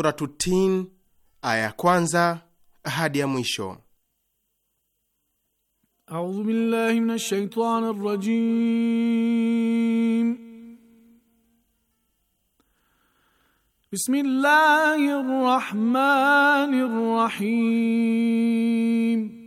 Suratu Tin aya ya kwanza hadi ya mwisho. A'udhu billahi minash shaitani Bismillahir rahmanir rahim.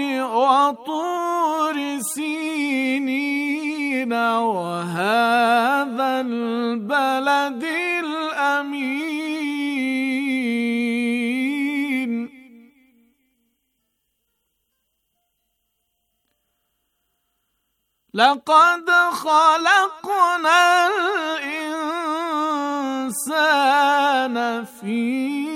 وطور سينين وهذا البلد الأمين لقد خلقنا الإنسان في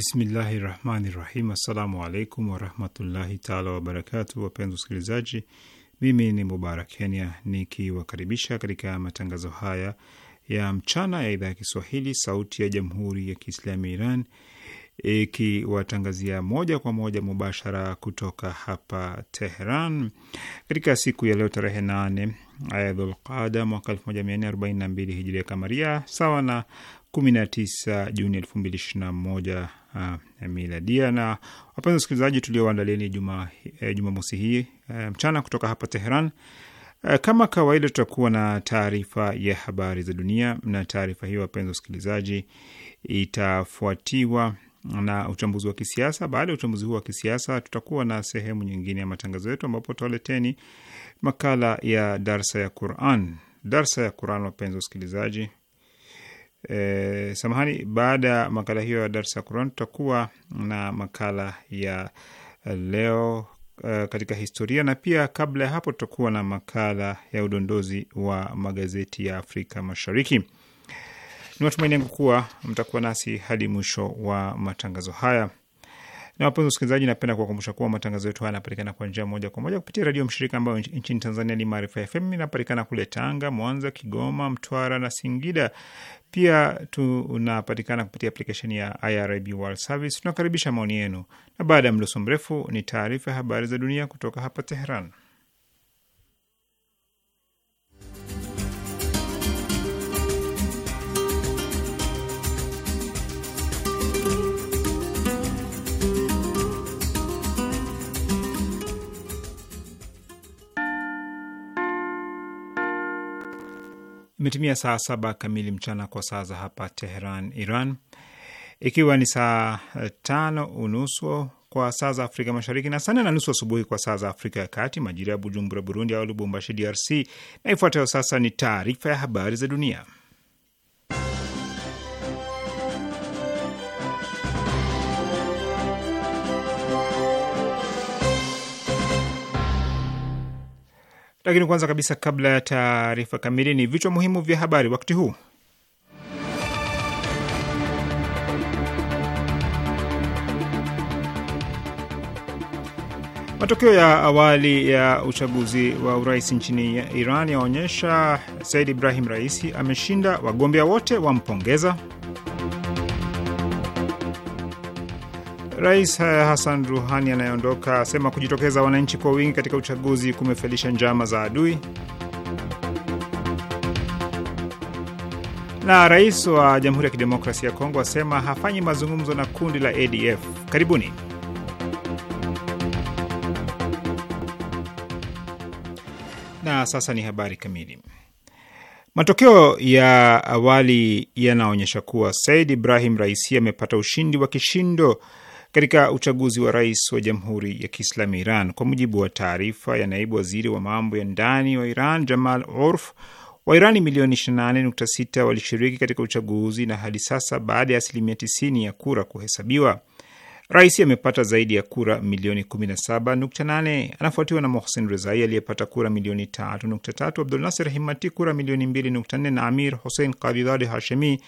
Bismillahi rahmani rahim. Assalamu alaikum warahmatullahi taala wabarakatu. Wapenzi wasikilizaji, mimi ni Mubarak Kenya nikiwakaribisha katika matangazo haya ya mchana ya idhaa ya Kiswahili sauti ya jamhuri ya Kiislami Iran ikiwatangazia moja kwa moja mubashara kutoka hapa Teheran katika siku ya leo tarehe nane Dhulqada mwaka 1442 hijiria kamaria sawa na 19 Juni 2021 uh, ah, miladia. Na wapenzi wasikilizaji, tulioandalieni eh, Jumamosi eh, hii eh, mchana kutoka hapa Teheran. Eh, kama kawaida tutakuwa na taarifa ya habari za dunia, na taarifa hiyo wapenzi wasikilizaji, itafuatiwa na uchambuzi wa kisiasa. Baada ya uchambuzi huo wa kisiasa, tutakuwa na sehemu nyingine ya matangazo yetu, ambapo tutawaleteni makala ya darsa ya Quran. Darsa ya Quran, wapenzi wasikilizaji, E, samahani, baada ya makala hiyo ya darsa ya Quran tutakuwa na makala ya leo Uh, katika historia na pia kabla ya hapo tutakuwa na makala ya udondozi wa magazeti ya Afrika Mashariki. Ni matumaini yangu kuwa mtakuwa nasi hadi mwisho wa matangazo haya. Na wapenzi wasikilizaji, napenda kuwakumbusha kuwa matangazo yetu haya yanapatikana kwa njia moja kwa moja kupitia redio mshirika ambayo nchini Tanzania ni Maarifa FM, inapatikana kule Tanga, Mwanza, Kigoma, Mtwara na Singida. Pia tunapatikana kupitia aplikesheni ya IRIB World Service. Tunakaribisha maoni yenu, na baada ya mdoso mrefu ni taarifa ya habari za dunia kutoka hapa Teheran. Imetimia saa saba kamili mchana kwa saa za hapa Teheran, Iran, ikiwa ni saa eh, tano unusu kwa saa za Afrika Mashariki na saa nne na nusu asubuhi kwa saa za Afrika ya Kati, majira ya Bujumbura, Burundi, au Lubumbashi, DRC. Na ifuatayo sasa ni taarifa ya habari za dunia. Lakini kwanza kabisa, kabla ya taarifa kamili, ni vichwa muhimu vya habari wakati huu. Matokeo ya awali ya uchaguzi wa urais nchini Iran yaonyesha Said Ibrahim Raisi ameshinda, wagombea wote wampongeza. Rais eh, Hassan Ruhani anayeondoka asema kujitokeza wananchi kwa wingi katika uchaguzi kumefalisha njama za adui, na rais wa Jamhuri ya Kidemokrasia ya Kongo asema hafanyi mazungumzo na kundi la ADF. Karibuni. Na sasa ni habari kamili. Matokeo ya awali yanaonyesha kuwa Said Ibrahim Raisi amepata ushindi wa kishindo katika uchaguzi wa rais wa Jamhuri ya Kiislamu Iran. Kwa mujibu wa taarifa ya naibu waziri wa mambo ya ndani wa Iran Jamal Orf, Wairani milioni 28.6 walishiriki katika uchaguzi na hadi sasa, baada ya asilimia 90 ya kura kuhesabiwa, rais amepata zaidi ya kura milioni 17.8. Anafuatiwa na Mohsen Rezai aliyepata kura milioni 3.3, Abdul Nasir Himati kura milioni 2.4 na Amir Hussein Kavidhadi Hashemi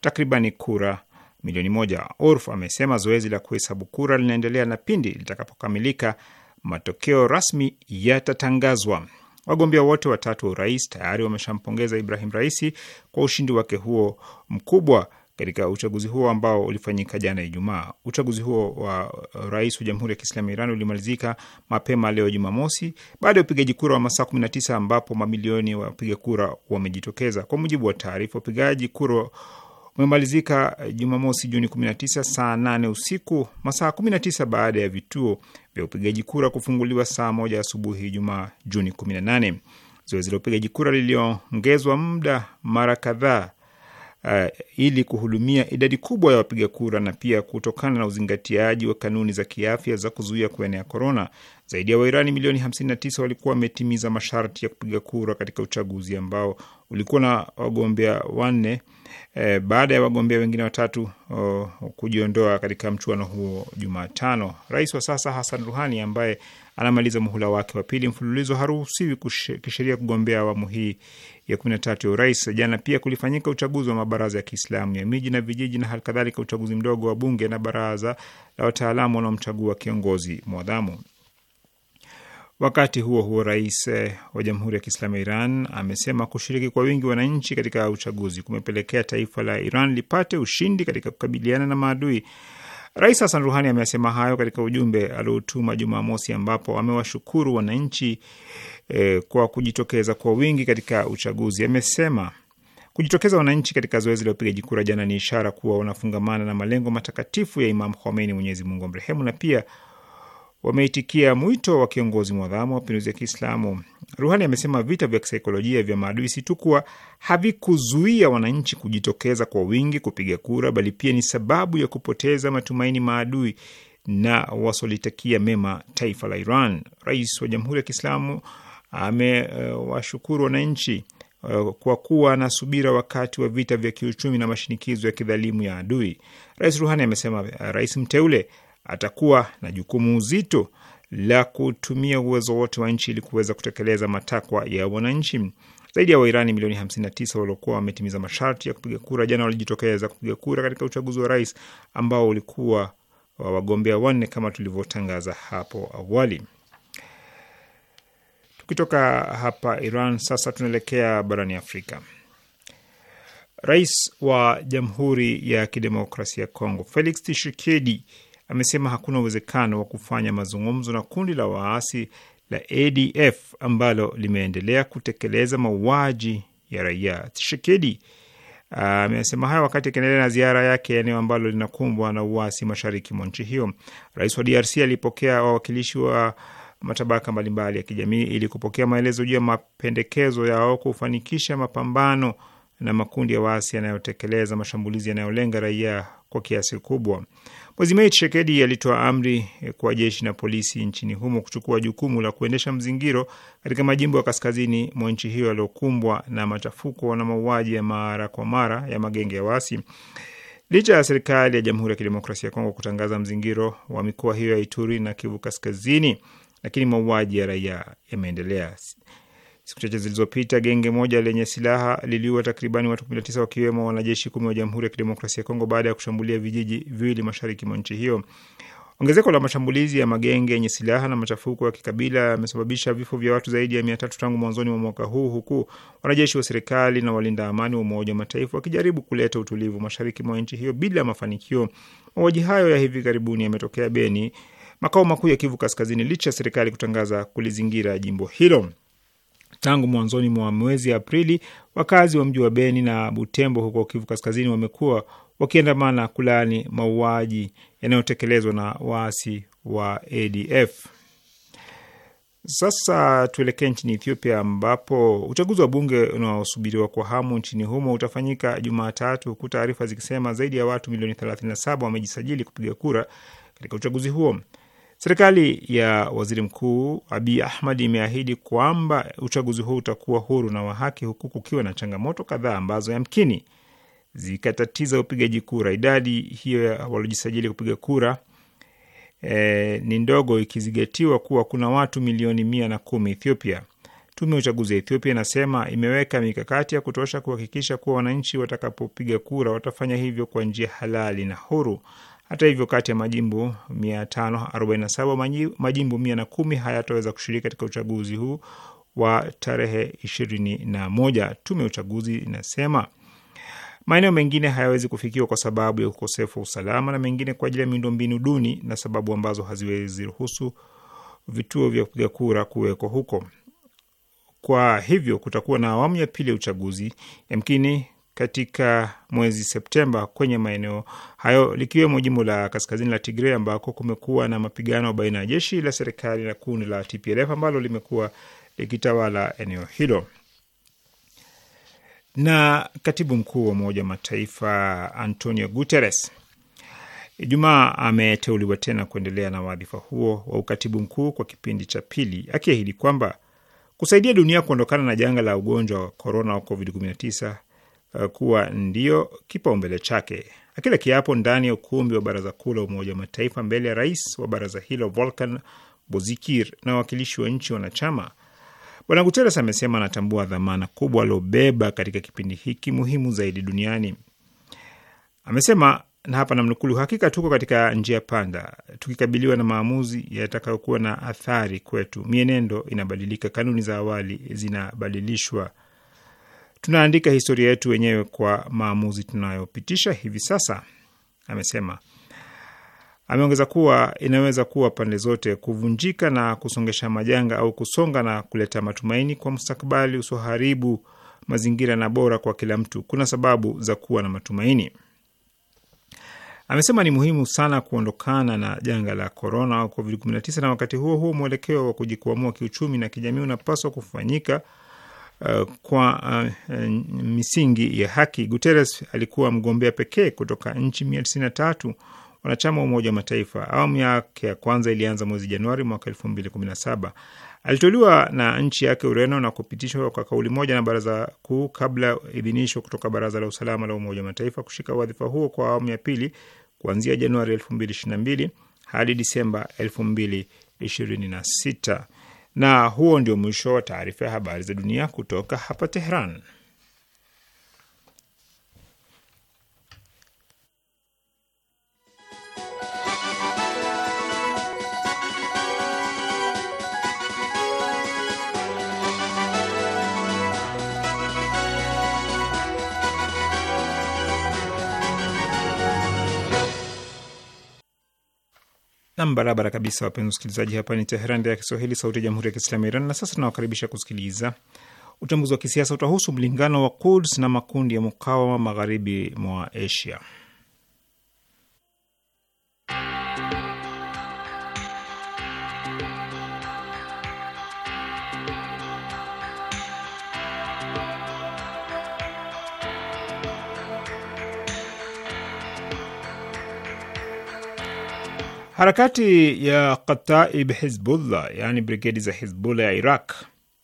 takribani kura milioni moja. Urf amesema zoezi la kuhesabu kura linaendelea na pindi litakapokamilika, matokeo rasmi yatatangazwa. Wagombea wote watatu wa urais tayari wameshampongeza Ibrahim Raisi kwa ushindi wake huo mkubwa katika uchaguzi huo ambao ulifanyika jana Ijumaa. Uchaguzi huo wa rais wa Jamhuri ya Kiislamu ya Iran ulimalizika mapema leo Jumamosi baada ya upigaji kura wa masaa 19 ambapo mamilioni wapiga kura wamejitokeza. Kwa mujibu wa taarifa, upigaji kura umemalizika eh, Jumamosi Juni 19 saa 8 usiku, masaa 19 baada ya vituo vya upigaji kura kufunguliwa saa moja asubuhi juma Juni 18. Zoezi la upigaji kura liliongezwa muda mara kadhaa uh, ili kuhudumia idadi kubwa ya wapiga kura na pia kutokana na uzingatiaji wa kanuni za kiafya za kuzuia kuenea korona. Zaidi ya Wairani milioni 59 walikuwa wametimiza masharti ya kupiga kura katika uchaguzi ambao ulikuwa na wagombea wanne e, baada ya wagombea wengine watatu oh, kujiondoa katika mchuano huo Jumatano. Rais wa sasa Hassan Ruhani ambaye anamaliza muhula wake wa pili mfululizo, haruhusiwi kisheria kugombea awamu hii ya tatu ya urais. Jana pia kulifanyika uchaguzi wa mabaraza ya Kiislamu ya miji na vijiji na halikadhalika uchaguzi mdogo wa bunge na baraza la wataalamu wanaomchagua kiongozi mwadhamu. Wakati huo huo, rais eh, wa Jamhuri ya Kiislamu ya Iran amesema kushiriki kwa wingi wananchi katika uchaguzi kumepelekea taifa la Iran lipate ushindi katika kukabiliana na maadui Rais Hasan Ruhani amesema hayo katika ujumbe aliotuma Jumamosi, ambapo amewashukuru wananchi eh, kwa kujitokeza kwa wingi katika uchaguzi. Amesema kujitokeza wananchi katika zoezi la upigaji kura jana ni ishara kuwa wanafungamana na malengo matakatifu ya Imam Khomeini, Mwenyezi Mungu amrehemu, na pia wameitikia mwito wa kiongozi mwadhamu wa mapinduzi ya Kiislamu. Ruhani amesema vita vya kisaikolojia vya maadui si tu kuwa havikuzuia wananchi kujitokeza kwa wingi kupiga kura, bali pia ni sababu ya kupoteza matumaini maadui na wasolitakia mema taifa la Iran. Rais wa Jamhuri ya Kiislamu amewashukuru wananchi uh, kwa kuwa na subira wakati wa vita vya kiuchumi na mashinikizo ya kidhalimu ya adui. Rais Ruhani amesema uh, rais mteule atakuwa na jukumu uzito la kutumia uwezo wote wa nchi ili kuweza kutekeleza matakwa ya wananchi. Zaidi ya Wairani milioni 59 waliokuwa wametimiza masharti ya kupiga kura jana walijitokeza kupiga kura katika uchaguzi wa rais ambao ulikuwa wa wagombea wanne kama tulivyotangaza hapo awali. Tukitoka hapa Iran sasa tunaelekea barani Afrika. Rais wa Jamhuri ya Kidemokrasia ya Kongo Felix Tshisekedi amesema hakuna uwezekano wa kufanya mazungumzo na kundi la waasi la ADF ambalo limeendelea kutekeleza mauaji ya raia. Tshisekedi amesema hayo wakati akiendelea na ziara yake eneo ambalo linakumbwa na uasi mashariki mwa nchi hiyo. Rais wa DRC alipokea wawakilishi wa matabaka mbalimbali ya kijamii ili kupokea maelezo juu ya mapendekezo yao kufanikisha mapambano na makundi ya waasi yanayotekeleza mashambulizi yanayolenga raia kwa kiasi kubwa. Mwezi Mei, Tshisekedi alitoa amri eh, kwa jeshi na polisi nchini humo kuchukua jukumu la kuendesha mzingiro katika majimbo ya kaskazini mwa nchi hiyo yaliyokumbwa na machafuko na mauaji ya mara kwa mara ya magenge ya waasi. Licha ya serikali ya Jamhuri ya Kidemokrasia ya Kongo kutangaza mzingiro wa mikoa hiyo ya Ituri na Kivu Kaskazini, lakini mauaji ya raia yameendelea. Siku chache zilizopita genge moja lenye silaha liliua takribani watu 19 wakiwemo wanajeshi kumi wa Jamhuri ya Kidemokrasia ya Kongo baada ya kushambulia vijiji viwili mashariki mwa nchi hiyo. Ongezeko la mashambulizi ya magenge yenye silaha na machafuko ya kikabila yamesababisha vifo vya watu zaidi ya mia tatu tangu mwanzoni mwa mwaka huu huku wanajeshi wa serikali na walinda amani wa Umoja wa Mataifa wakijaribu kuleta utulivu mashariki mwa nchi hiyo bila mafanikio. Mauaji hayo ya hivi karibuni yametokea Beni, makao makuu ya Kivu Kaskazini, licha ya serikali kutangaza kulizingira jimbo hilo. Tangu mwanzoni mwa mwezi Aprili, wakazi wa mji wa Beni na Butembo huko Kivu Kaskazini wamekuwa wakiandamana kulaani mauaji yanayotekelezwa na waasi wa ADF. Sasa tuelekee nchini Ethiopia ambapo uchaguzi wa bunge unaosubiriwa kwa hamu nchini humo utafanyika Jumatatu, huku taarifa zikisema zaidi ya watu milioni 37 wamejisajili kupiga kura katika uchaguzi huo. Serikali ya waziri mkuu Abi ahmad imeahidi kwamba uchaguzi huu utakuwa huru na wa haki, huku kukiwa na changamoto kadhaa ambazo yamkini zikatatiza upigaji kura. Idadi hiyo ya waliojisajili kupiga kura e, ni ndogo ikizingatiwa kuwa kuna watu milioni mia na kumi Ethiopia. Tume ya uchaguzi ya Ethiopia inasema imeweka mikakati ya kutosha kuhakikisha kuwa wananchi watakapopiga kura watafanya hivyo kwa njia halali na huru. Hata hivyo, kati ya majimbo 547 majimbo 110 hayataweza kushiriki katika uchaguzi huu wa tarehe 21. Tume ya uchaguzi inasema maeneo mengine hayawezi kufikiwa kwa sababu ya ukosefu wa usalama na mengine kwa ajili ya miundombinu duni na sababu ambazo haziwezi ruhusu vituo vya kupiga kura kuwekwa huko. Kwa hivyo kutakuwa na awamu ya pili ya uchaguzi, yamkini katika mwezi Septemba kwenye maeneo hayo likiwemo jimbo la kaskazini la Tigray ambako kumekuwa na mapigano baina ya jeshi la serikali na kundi la TPLF ambalo limekuwa likitawala eneo hilo. Na katibu mkuu wa Umoja wa Mataifa Antonio Guterres Ijumaa ameteuliwa tena kuendelea na wadhifa huo wa ukatibu mkuu kwa kipindi cha pili, akiahidi kwamba kusaidia dunia kuondokana na janga la ugonjwa wa korona wa COVID-19 Eh, kuwa ndio kipaumbele chake. Akila kiapo ndani ya ukumbi wa baraza kuu la Umoja wa Mataifa mbele ya rais wa baraza hilo Volkan Bozikir na wawakilishi wa nchi wanachama, Bwana Guteres amesema anatambua dhamana kubwa aliobeba katika kipindi hiki muhimu zaidi duniani. Amesema na hapa namnukulu, hakika tuko katika njia panda, tukikabiliwa na maamuzi yatakayokuwa na athari kwetu. Mienendo inabadilika, kanuni za awali zinabadilishwa Tunaandika historia yetu wenyewe kwa maamuzi tunayopitisha hivi sasa, amesema. Ameongeza kuwa inaweza kuwa pande zote, kuvunjika na kusongesha majanga au kusonga na kuleta matumaini kwa mustakabali usioharibu mazingira na bora kwa kila mtu. Kuna sababu za kuwa na matumaini. Amesema ni muhimu sana kuondokana na janga la korona au COVID-19, na wakati huo huo mwelekeo wa kujikwamua kiuchumi na kijamii unapaswa kufanyika uh, kwa uh, uh, misingi ya haki. Guterres alikuwa mgombea pekee kutoka nchi mia tisini na tatu wanachama wa Umoja wa Mataifa. Awamu yake ya kwanza ilianza mwezi Januari mwaka elfu mbili kumi na saba. Aliteuliwa na nchi yake Ureno na kupitishwa kwa kauli moja na baraza kuu kabla idhinisho kutoka baraza la usalama la Umoja wa Mataifa. Kushika wadhifa huo kwa awamu ya pili kuanzia Januari elfu mbili ishirini na mbili hadi Disemba elfu mbili ishirini na sita. Na huo ndio mwisho wa taarifa ya habari za dunia kutoka hapa Tehran. Nam, barabara kabisa, wapenzi wasikilizaji, hapa ni Teheran, idhaa ya Kiswahili, sauti ya jamhuri ya kiislamu ya Iran. Na sasa tunawakaribisha kusikiliza uchambuzi wa kisiasa. Utahusu mlingano wa Kuds na makundi ya mukawama magharibi mwa Asia. Harakati ya Kataib Hizbullah, yaani brigedi za Hizbullah ya Iraq,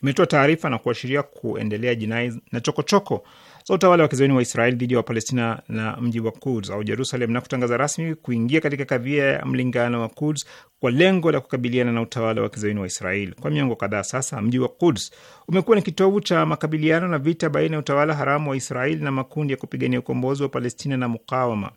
imetoa taarifa na kuashiria kuendelea jinai na chokochoko za so, utawala wa kizayuni wa Israel dhidi ya Wapalestina na mji wa Kuds au Jerusalem na kutangaza rasmi kuingia katika kadhia ya mlingano wa Kuds kwa lengo la kukabiliana na utawala wa kizayuni wa Israel. Kwa miongo kadhaa sasa, mji wa Kuds umekuwa ni kitovu cha makabiliano na vita baina ya utawala haramu wa Israel na makundi ya kupigania ukombozi wa Palestina na mukawama.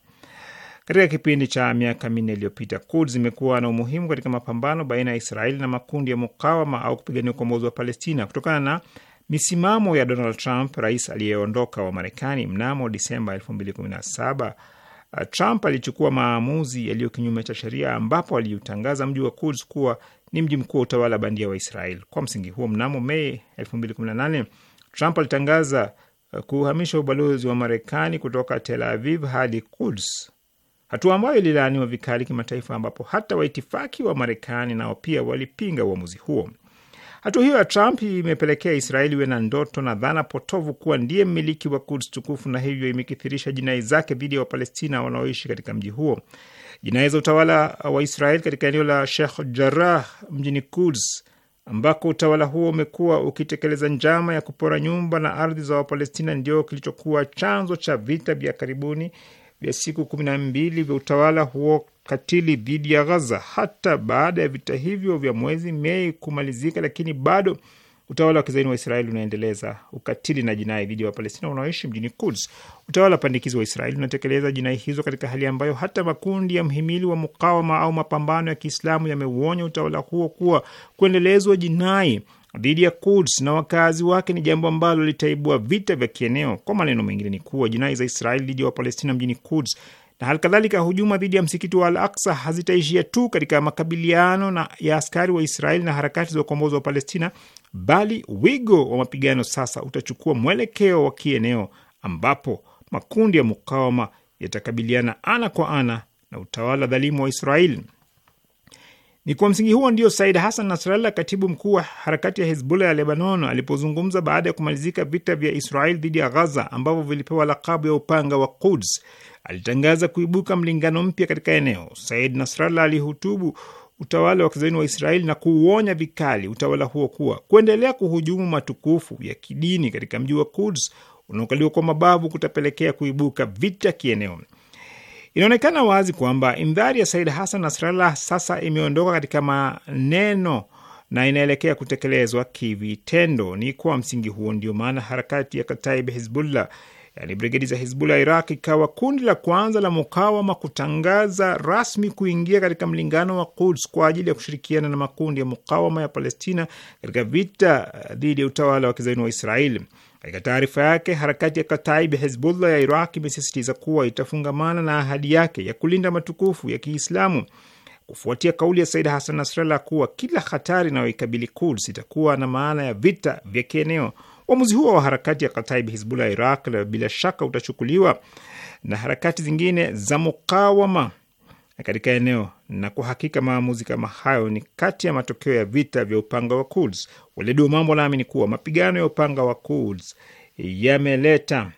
Katika kipindi cha miaka minne iliyopita, Quds zimekuwa na umuhimu katika mapambano baina ya Israeli na makundi ya mukawama au kupigania ukombozi wa Palestina kutokana na misimamo ya Donald Trump, rais aliyeondoka wa Marekani mnamo Disemba 2017. Uh, Trump alichukua maamuzi yaliyo kinyume cha sheria ambapo aliutangaza mji wa Quds kuwa ni mji mkuu wa utawala bandia wa Israel. Kwa msingi huo, mnamo Mei 2018 Trump alitangaza uh, kuhamisha ubalozi wa Marekani kutoka Tel Aviv hadi Quds hatua ambayo ililaaniwa vikali kimataifa, ambapo hata waitifaki wa Marekani nao pia walipinga uamuzi huo. Hatua hiyo ya Trump imepelekea Israeli iwe na ndoto na dhana potovu kuwa ndiye mmiliki wa Kuds tukufu, na hivyo imekithirisha jinai zake dhidi ya Wapalestina wanaoishi katika mji huo. Jinai za utawala wa Israeli katika eneo la Sheikh Jarrah mjini Kuds, ambako utawala huo umekuwa ukitekeleza njama ya kupora nyumba na ardhi za Wapalestina, ndio kilichokuwa chanzo cha vita vya karibuni vya siku kumi na mbili vya utawala huo katili dhidi ya Ghaza. Hata baada ya vita hivyo vya mwezi Mei kumalizika, lakini bado utawala wa kizaini wa Israeli unaendeleza ukatili na jinai dhidi ya Wapalestina wanaoishi mjini Kuds. Utawala wa pandikizi wa Israeli unatekeleza jinai hizo katika hali ambayo hata makundi ya mhimili wa mukawama au mapambano ya Kiislamu yameuonya utawala huo kuwa kuendelezwa jinai dhidi ya Quds na wakazi wake ni jambo ambalo litaibua vita vya kieneo. Kwa maneno mengine, ni kuwa jinai za Israeli dhidi ya Wapalestina mjini Quds na hali kadhalika hujuma dhidi ya msikiti wa Al Aksa hazitaishia tu katika makabiliano na ya askari wa Israeli na harakati za ukombozi wa Palestina, bali wigo wa mapigano sasa utachukua mwelekeo wa kieneo, ambapo makundi ya mukawama yatakabiliana ana kwa ana na utawala dhalimu wa Israeli. Ni kwa msingi huo ndio Said Hassan Nasrallah, katibu mkuu wa harakati ya Hizbullah ya Lebanon, alipozungumza baada ya kumalizika vita vya Israel dhidi ya Ghaza ambavyo vilipewa lakabu ya upanga wa Quds, alitangaza kuibuka mlingano mpya katika eneo. Said Nasrallah alihutubu utawala wa kizaini wa Israeli na kuuonya vikali utawala huo kuwa kuendelea kuhujumu matukufu ya kidini katika mji wa Quds unaokaliwa kwa mabavu kutapelekea kuibuka vita kieneo. Inaonekana wazi kwamba indhari ya Said Hassan Nasrallah sasa imeondoka katika maneno na inaelekea kutekelezwa kivitendo. Ni kwa msingi huo ndio maana harakati ya Kataib Hizbullah, yani brigedi za Hizbullah Iraq, ikawa kundi la kwanza la mukawama kutangaza rasmi kuingia katika mlingano wa Quds kwa ajili ya kushirikiana na makundi ya mukawama ya Palestina katika vita dhidi ya utawala wa kizaini wa Israeli. Katika taarifa yake, harakati ya Kataibi Hezbullah ya Iraq imesisitiza kuwa itafungamana na ahadi yake ya kulinda matukufu ya Kiislamu kufuatia kauli ya Said Hassan Nasrallah kuwa kila hatari inayoikabili Kuds itakuwa na maana ya vita vya kieneo. Uamuzi huo wa harakati ya Kataib Hizbullah Iraq bila shaka utachukuliwa na harakati zingine za mukawama katika eneo, na kwa hakika maamuzi kama hayo ni kati ya matokeo ya vita vya upanga wa Quds. wa mambo naamini kuwa mapigano ya upanga wa Quds yameleta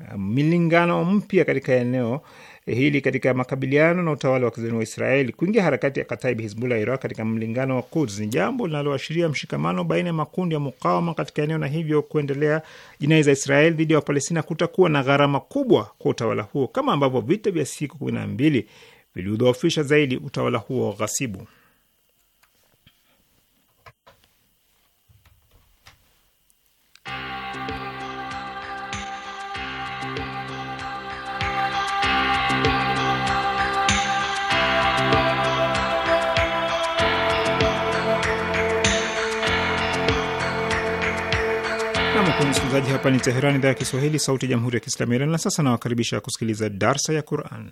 uh, milingano mpya katika eneo hili katika makabiliano na utawala wa kizayuni wa Israeli. Kuingia harakati ya Kataib, Hizbullah ya Iraq katika mlingano wa Quds ni jambo linaloashiria mshikamano baina ya makundi ya mukawama katika eneo, na hivyo kuendelea jinai za Israeli dhidi ya Wapalestina kutakuwa na gharama kubwa kwa utawala huo, kama ambavyo vita vya siku kumi na mbili viliudhoofisha zaidi utawala huo ghasibu. Msikilizaji, hapa ni Teherani, idhaa ya Kiswahili, sauti ya jamhuri ya kiislamu ya Iran. Na sasa nawakaribisha kusikiliza darsa ya Quran.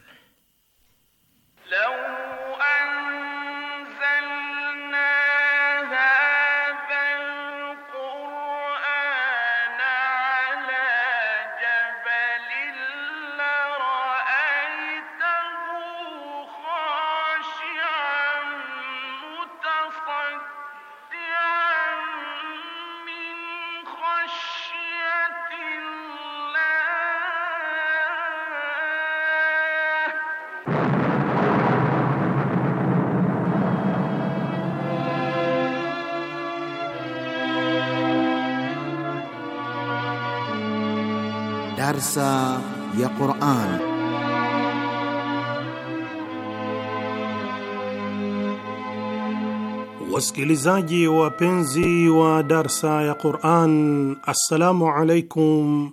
Wasikilizaji wapenzi wa darsa ya Quran, assalamu alaikum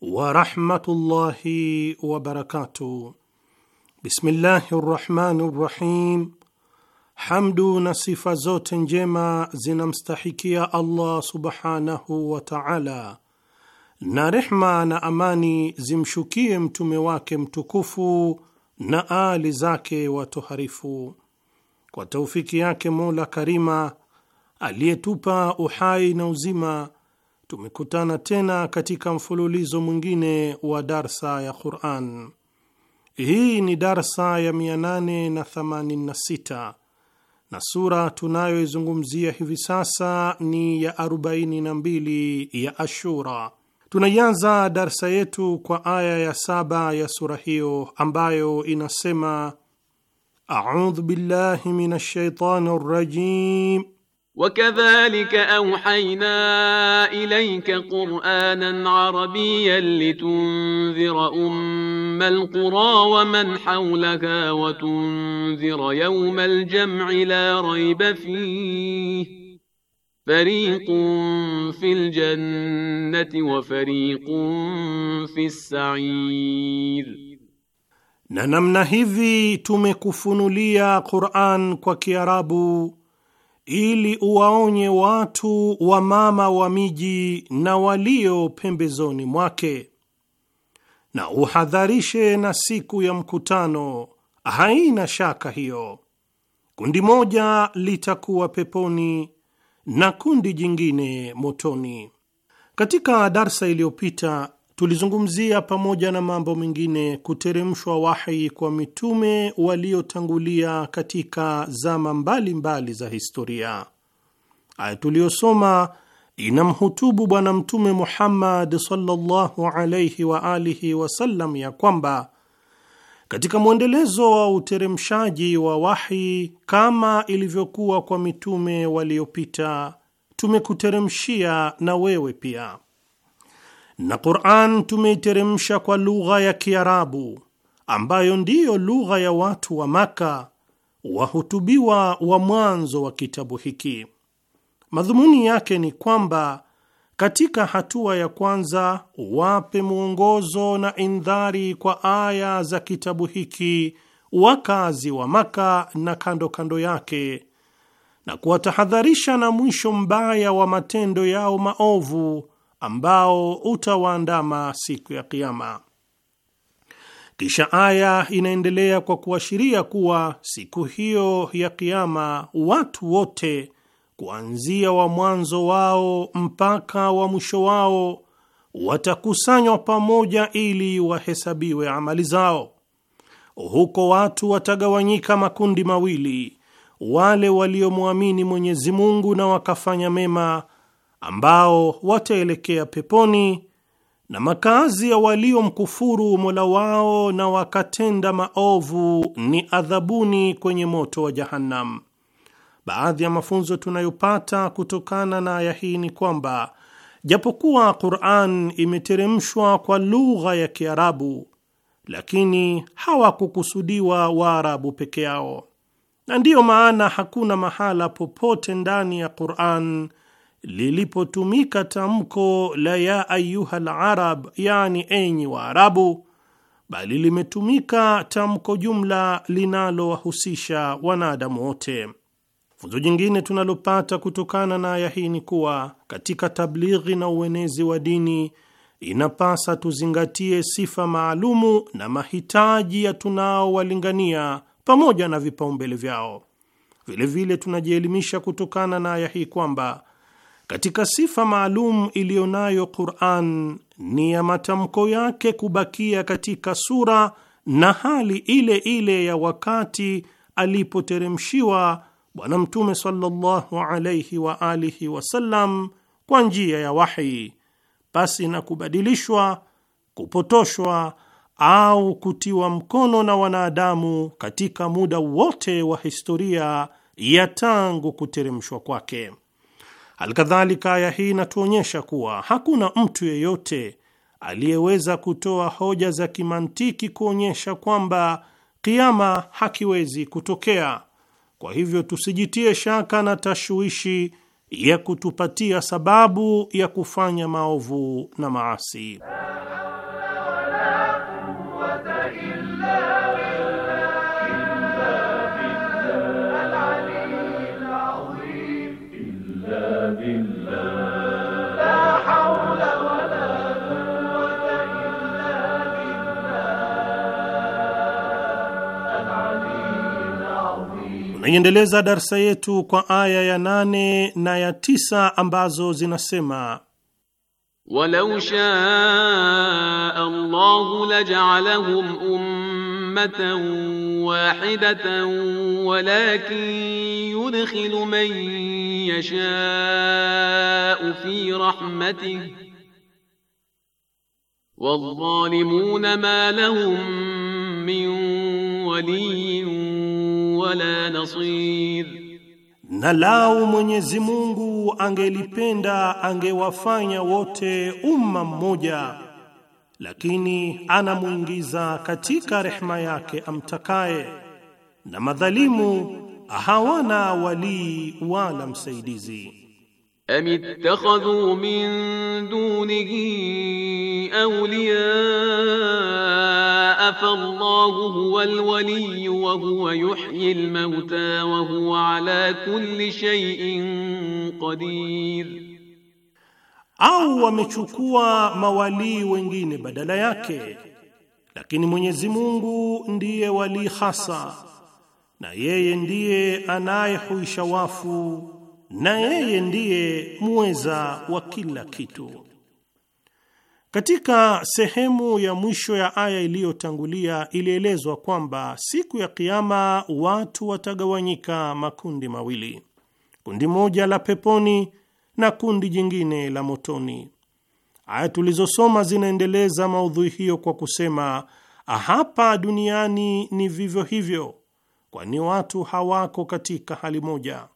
warahmatullahi wabarakatuh. Bismillahi rahmani rahim Hamdu na sifa zote njema zinamstahikia Allah subhanahu wa taala, na rehma na amani zimshukie mtume wake mtukufu na ali zake watoharifu kwa taufiki yake Mola Karima aliyetupa uhai na uzima, tumekutana tena katika mfululizo mwingine wa darsa ya Quran. Hii ni darsa ya 886 na, na sura tunayoizungumzia hivi sasa ni ya 42 ya Ashura. Tunaianza darsa yetu kwa aya ya saba ya sura hiyo ambayo inasema أعوذ بالله من الشيطان الرجيم وكذلك أوحينا إليك قرآنا عربيا لتنذر أم القرى ومن حولها وتنذر يوم الجمع لا ريب فيه فريق في الجنة وفريق في السعير na namna hivi tumekufunulia Qur'an kwa Kiarabu ili uwaonye watu wa mama wa miji na walio pembezoni mwake, na uhadharishe na siku ya mkutano. Haina shaka hiyo, kundi moja litakuwa peponi na kundi jingine motoni. Katika darsa iliyopita tulizungumzia pamoja na mambo mengine kuteremshwa wahi kwa mitume waliotangulia katika zama mbalimbali mbali za historia. Aya tuliyosoma inamhutubu Bwana Mtume Muhammad sallallahu alayhi wa alihi wasallam ya kwamba katika mwendelezo wa uteremshaji wa wahi kama ilivyokuwa kwa mitume waliopita, tumekuteremshia na wewe pia na Qur'an tumeiteremsha kwa lugha ya Kiarabu ambayo ndiyo lugha ya watu wa Maka wahutubiwa wa mwanzo wa kitabu hiki. Madhumuni yake ni kwamba katika hatua ya kwanza wape mwongozo na indhari kwa aya za kitabu hiki wakazi wa Maka na kando kando yake, na kuwatahadharisha na mwisho mbaya wa matendo yao maovu ambao utawaandama siku ya Kiama. Kisha aya inaendelea kwa kuashiria kuwa siku hiyo ya Kiama watu wote kuanzia wa mwanzo wao mpaka wa mwisho wao watakusanywa pamoja ili wahesabiwe amali zao. Huko watu watagawanyika makundi mawili, wale waliomwamini Mwenyezi Mungu na wakafanya mema ambao wataelekea peponi na makazi ya waliomkufuru Mola wao na wakatenda maovu ni adhabuni kwenye moto wa Jahannam. Baadhi ya mafunzo tunayopata kutokana na aya hii ni kwamba japokuwa Qur'an imeteremshwa kwa lugha ya Kiarabu, lakini hawakukusudiwa Waarabu peke yao, na ndiyo maana hakuna mahala popote ndani ya Qur'an lilipotumika tamko la ya ayuha larab, yani enyi Arabu, bali limetumika tamko jumla linalowahusisha wanadamu wote. Funzo jingine tunalopata kutokana na aya hii ni kuwa katika tablighi na uenezi wa dini inapasa tuzingatie sifa maalumu na mahitaji ya tunaowalingania pamoja na vipaumbele vyao. Vilevile tunajielimisha kutokana na aya hii kwamba katika sifa maalum iliyo nayo Qur'an ni ya matamko yake kubakia katika sura na hali ile ile ya wakati alipoteremshiwa Bwana Mtume sallallahu alayhi wa alihi wasallam kwa njia ya wahi, pasi na kubadilishwa, kupotoshwa au kutiwa mkono na wanadamu katika muda wote wa historia ya tangu kuteremshwa kwake. Alkadhalika, aya hii inatuonyesha kuwa hakuna mtu yeyote aliyeweza kutoa hoja za kimantiki kuonyesha kwamba kiama hakiwezi kutokea. Kwa hivyo tusijitie shaka na tashwishi ya kutupatia sababu ya kufanya maovu na maasi. Tunaiendeleza darsa yetu kwa aya ya nane na ya tisa ambazo zinasema walau shaa Allahu laj'alahum ummatan wahidatan walakin yudkhilu man yasha'u fi rahmatihi wadhalimuna ma lahum min waliyin wala nasir, na lau Mwenyezi Mungu angelipenda angewafanya wote umma mmoja, lakini anamwingiza katika rehema yake amtakaye, na madhalimu hawana walii wala msaidizi. Am ittakhadhu min dunihi awliya fallahu huwa alwaliyu wa huwa yuhyi almauta wa huwa ala kulli shay'in qadir, au wamechukua mawalii wengine badala yake, lakini Mwenyezi Mungu ndiye walii hasa, na yeye ndiye anayehuisha wafu, na yeye ndiye muweza wa kila kitu. Katika sehemu ya mwisho ya aya iliyotangulia ilielezwa kwamba siku ya Kiama watu watagawanyika makundi mawili, kundi moja la peponi na kundi jingine la motoni. Aya tulizosoma zinaendeleza maudhui hiyo kwa kusema hapa duniani ni vivyo hivyo, kwani watu hawako katika hali moja.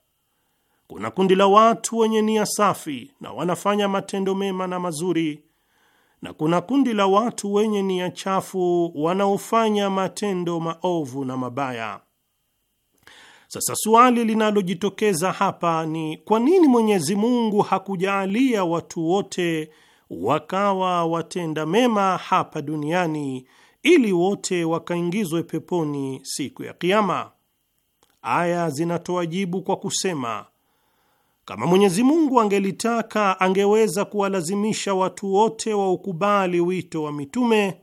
Kuna kundi la watu wenye nia safi na wanafanya matendo mema na mazuri na kuna kundi la watu wenye nia chafu wanaofanya matendo maovu na mabaya. Sasa suali linalojitokeza hapa ni kwa nini Mwenyezi Mungu hakujaalia watu wote wakawa watenda mema hapa duniani ili wote wakaingizwe peponi siku ya Kiama? Aya zinatoa jibu kwa kusema kama Mwenyezi Mungu angelitaka angeweza kuwalazimisha watu wote waukubali wito wa mitume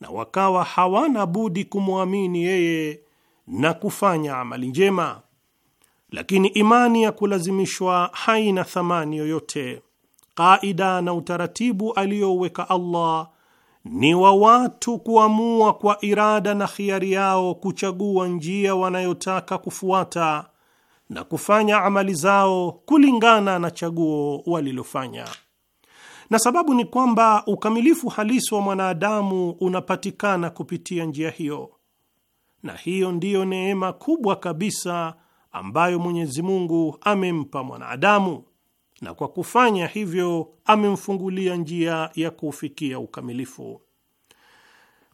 na wakawa hawana budi kumwamini yeye na kufanya amali njema, lakini imani ya kulazimishwa haina thamani yoyote. Kaida na utaratibu aliyouweka Allah ni wa watu kuamua kwa irada na khiari yao kuchagua njia wanayotaka kufuata na kufanya amali zao kulingana na chaguo walilofanya. Na sababu ni kwamba ukamilifu halisi wa mwanadamu unapatikana kupitia njia hiyo, na hiyo ndiyo neema kubwa kabisa ambayo Mwenyezi Mungu amempa mwanadamu, na kwa kufanya hivyo amemfungulia njia ya kufikia ukamilifu.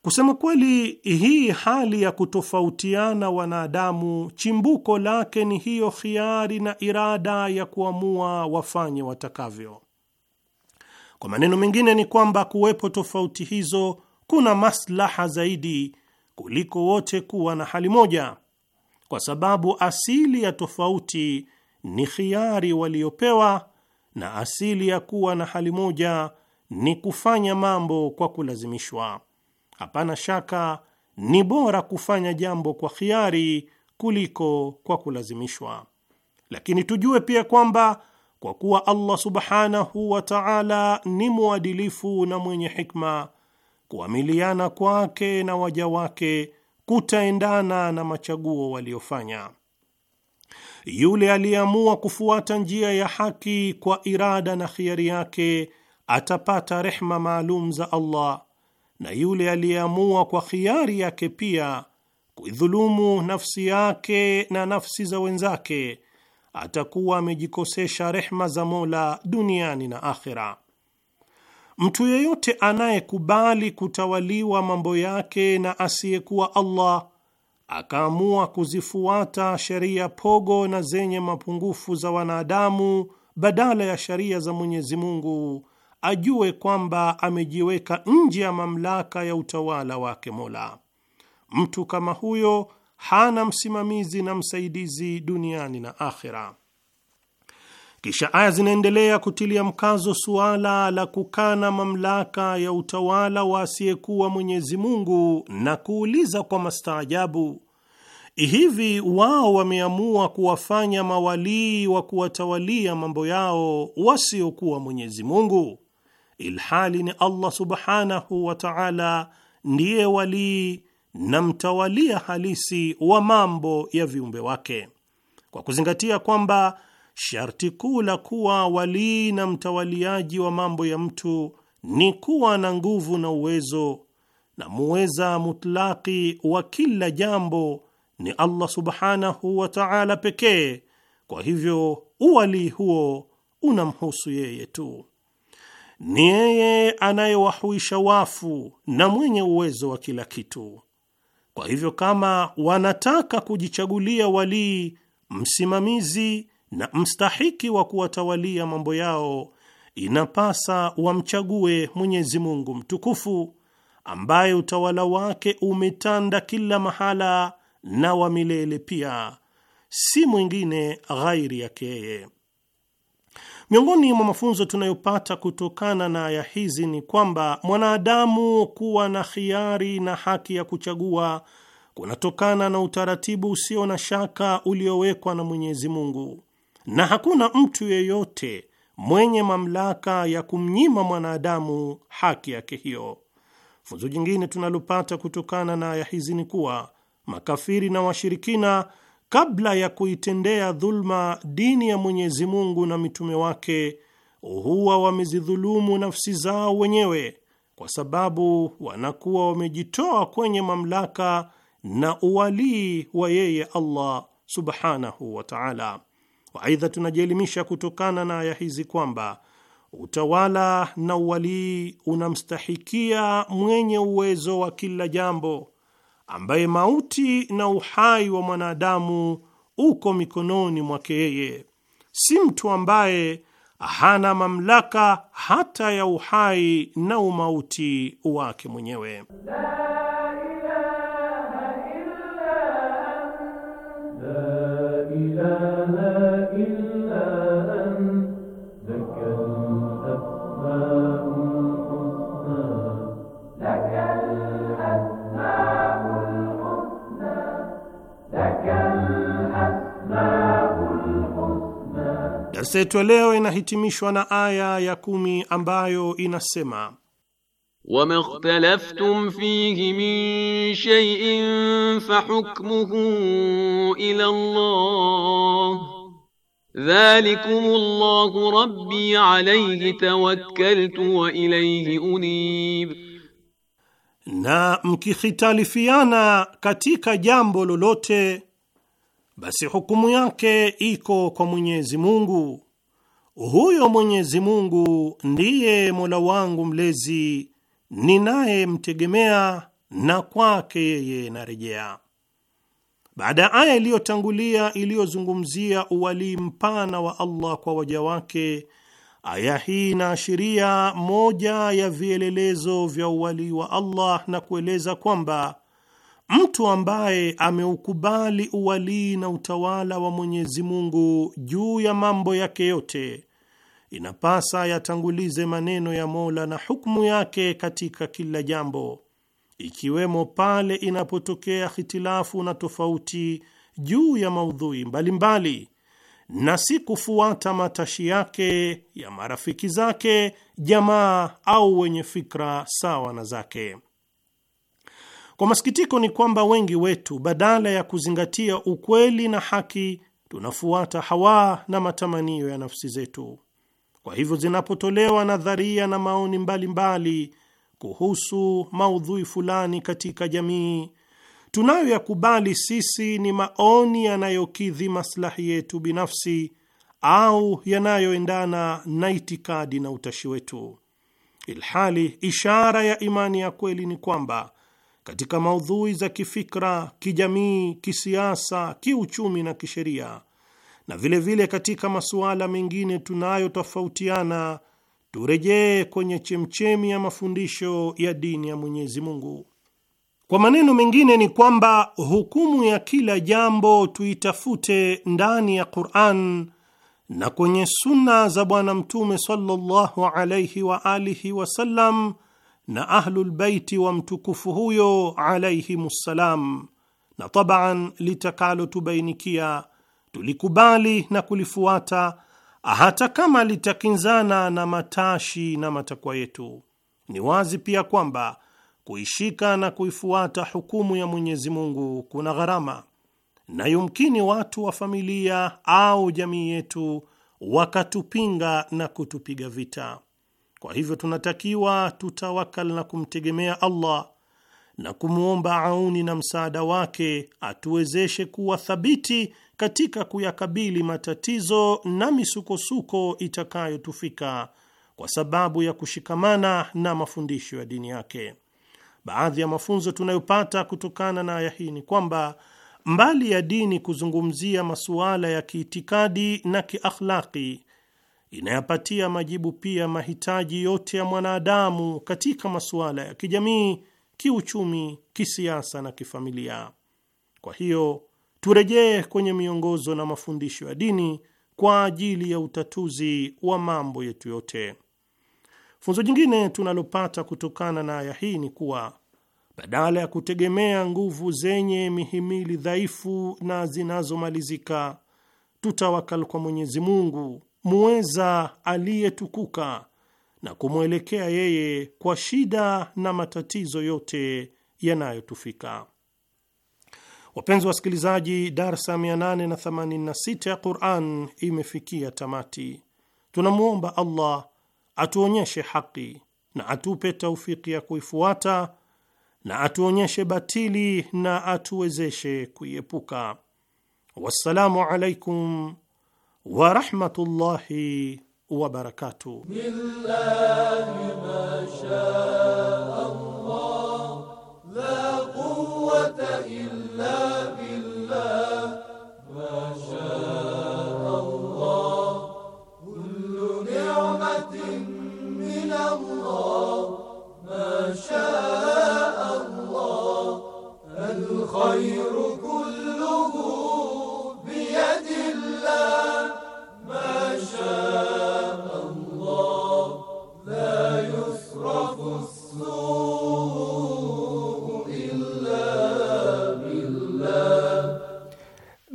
Kusema kweli, hii hali ya kutofautiana wanadamu chimbuko lake ni hiyo khiari na irada ya kuamua wafanye watakavyo. Kwa maneno mengine, ni kwamba kuwepo tofauti hizo kuna maslaha zaidi kuliko wote kuwa na hali moja, kwa sababu asili ya tofauti ni khiari waliopewa, na asili ya kuwa na hali moja ni kufanya mambo kwa kulazimishwa. Hapana shaka ni bora kufanya jambo kwa khiari kuliko kwa kulazimishwa, lakini tujue pia kwamba kwa kuwa Allah subhanahu wa ta'ala ni mwadilifu na mwenye hikma, kuamiliana kwake na waja wake kutaendana na machaguo waliofanya. Yule aliyeamua kufuata njia ya haki kwa irada na khiari yake atapata rehma maalum za Allah na yule aliyeamua kwa khiari yake pia kuidhulumu nafsi yake na nafsi za wenzake atakuwa amejikosesha rehma za Mola duniani na akhera. Mtu yeyote anayekubali kutawaliwa mambo yake na asiyekuwa Allah akaamua kuzifuata sheria pogo na zenye mapungufu za wanadamu badala ya sheria za Mwenyezi Mungu ajue kwamba amejiweka nje ya mamlaka ya utawala wake Mola. Mtu kama huyo hana msimamizi na msaidizi duniani na akhera. Kisha aya zinaendelea kutilia mkazo suala la kukana mamlaka ya utawala wa asiyekuwa Mwenyezi Mungu na kuuliza kwa mastaajabu, hivi wao wameamua kuwafanya mawalii wa kuwatawalia mambo yao wasiokuwa Mwenyezi Mungu? ilhali ni Allah subhanahu wa ta'ala ndiye walii na mtawalia halisi wa mambo ya viumbe wake, kwa kuzingatia kwamba sharti kuu la kuwa walii na mtawaliaji wa mambo ya mtu ni kuwa na nguvu na uwezo na muweza mutlaki wa kila jambo ni Allah subhanahu wa ta'ala pekee. Kwa hivyo uwalii huo unamhusu yeye tu ni yeye anayewahuisha wafu na mwenye uwezo wa kila kitu. Kwa hivyo, kama wanataka kujichagulia walii, msimamizi na mstahiki wa kuwatawalia mambo yao, inapasa wamchague Mwenyezi Mungu mtukufu ambaye utawala wake umetanda kila mahala na wa milele pia, si mwingine ghairi yake yeye. Miongoni mwa mafunzo tunayopata kutokana na aya hizi ni kwamba mwanadamu kuwa na khiari na haki ya kuchagua kunatokana na utaratibu usio na shaka uliowekwa na Mwenyezi Mungu, na hakuna mtu yeyote mwenye mamlaka ya kumnyima mwanadamu haki yake hiyo. Funzo jingine tunalopata kutokana na aya hizi ni kuwa makafiri na washirikina kabla ya kuitendea dhulma dini ya Mwenyezi Mungu na mitume wake, huwa wamezidhulumu nafsi zao wenyewe, kwa sababu wanakuwa wamejitoa kwenye mamlaka na uwalii wa yeye Allah subhanahu wa ta'ala. Waaidha, tunajielimisha kutokana na aya hizi kwamba utawala na uwalii unamstahikia mwenye uwezo wa kila jambo ambaye mauti na uhai wa mwanadamu uko mikononi mwake yeye, si mtu ambaye hana mamlaka hata ya uhai na umauti wake mwenyewe. La ilaha illa, la ilaha Darsa yetu ya leo inahitimishwa na aya ya kumi ambayo inasema wama ikhtalaftum fihi min shay'in fahukmuhu ila Allah dhalikum Allahu rabbi alayhi tawakkaltu wa ilayhi unib, na mkikhitalifiana katika jambo lolote basi hukumu yake iko kwa Mwenyezi Mungu. Huyo Mwenyezi Mungu ndiye Mola wangu mlezi ninayemtegemea na kwake yeye narejea. Baada ya aya iliyotangulia iliyozungumzia uwalii mpana wa Allah kwa waja wake, aya hii inaashiria moja ya vielelezo vya uwalii wa Allah na kueleza kwamba Mtu ambaye ameukubali uwalii na utawala wa Mwenyezi Mungu juu ya mambo yake yote, inapasa yatangulize maneno ya Mola na hukumu yake katika kila jambo, ikiwemo pale inapotokea hitilafu na tofauti juu ya maudhui mbalimbali mbali, na si kufuata matashi yake ya marafiki zake, jamaa au wenye fikra sawa na zake. Kwa masikitiko ni kwamba wengi wetu badala ya kuzingatia ukweli na haki, tunafuata hawa na matamanio ya nafsi zetu. Kwa hivyo, zinapotolewa nadharia na maoni mbalimbali mbali kuhusu maudhui fulani katika jamii, tunayoyakubali sisi ni maoni yanayokidhi maslahi yetu binafsi au yanayoendana na itikadi na utashi wetu, ilhali ishara ya imani ya kweli ni kwamba katika maudhui za kifikra, kijamii, kisiasa, kiuchumi na kisheria, na vilevile vile katika masuala mengine tunayotofautiana, turejee kwenye chemchemi ya mafundisho ya dini ya Mwenyezi Mungu. Kwa maneno mengine ni kwamba hukumu ya kila jambo tuitafute ndani ya Qur'an na kwenye sunna za Bwana Mtume sallallahu alayhi wa alihi wasallam na ahlulbaiti wa mtukufu huyo alaihimussalam, na tabaan litakalotubainikia tulikubali na kulifuata hata kama litakinzana na matashi na matakwa yetu. Ni wazi pia kwamba kuishika na kuifuata hukumu ya Mwenyezi Mungu kuna gharama, na yumkini watu wa familia au jamii yetu wakatupinga na kutupiga vita. Kwa hivyo tunatakiwa tutawakal na kumtegemea Allah na kumwomba auni na msaada wake atuwezeshe kuwa thabiti katika kuyakabili matatizo na misukosuko itakayotufika kwa sababu ya kushikamana na mafundisho ya dini yake. Baadhi ya mafunzo tunayopata kutokana na aya hii ni kwamba mbali ya dini kuzungumzia masuala ya kiitikadi na kiakhlaki inayapatia majibu pia mahitaji yote ya mwanadamu katika masuala ya kijamii, kiuchumi, kisiasa na kifamilia. Kwa hiyo turejee kwenye miongozo na mafundisho ya dini kwa ajili ya utatuzi wa mambo yetu yote. Funzo jingine tunalopata kutokana na aya hii ni kuwa badala ya kutegemea nguvu zenye mihimili dhaifu na zinazomalizika, tutawakal kwa Mwenyezi Mungu muweza aliyetukuka na kumwelekea yeye kwa shida na matatizo yote yanayotufika. Wapenzi wasikilizaji, darsa 886 ya Quran imefikia tamati. Tunamwomba Allah atuonyeshe haki na atupe taufiki ya kuifuata na atuonyeshe batili na atuwezeshe kuiepuka. Wassalamu alaikum ورحمة الله وبركاته بالله ما شاء الله لا قوة إلا بالله ما شاء الله كل نعمة من الله ما شاء الله الخير كله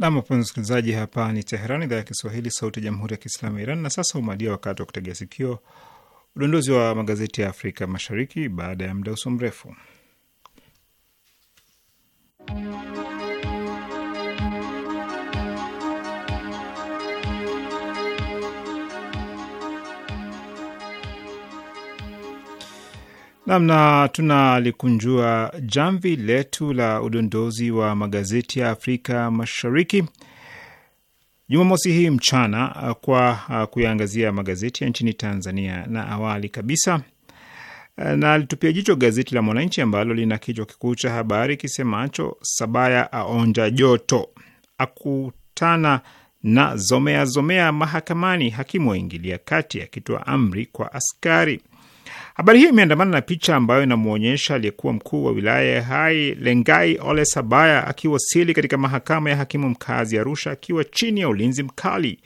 Nam, mpenzi msikilizaji, hapa ni Teheran, idhaa ya Kiswahili, sauti ya jamhuri ya kiislamu ya Iran. Na sasa umewadia wakati wa kutegea sikio udondozi wa magazeti ya Afrika Mashariki baada ya muda usio mrefu. Namna tunalikunjua jamvi letu la udondozi wa magazeti ya Afrika Mashariki Jumamosi hii mchana uh, kwa uh, kuyaangazia magazeti ya nchini Tanzania, na awali kabisa uh, na litupia jicho gazeti la Mwananchi ambalo lina kichwa kikuu cha habari kisemacho Sabaya aonja joto, akutana na zomea zomea mahakamani, hakimu aingilia kati akitoa amri kwa askari Habari hii imeandamana na picha ambayo inamwonyesha aliyekuwa mkuu wa wilaya ya Hai Lengai Ole Sabaya akiwasili katika mahakama ya hakimu mkazi Arusha akiwa chini ya ulinzi mkali.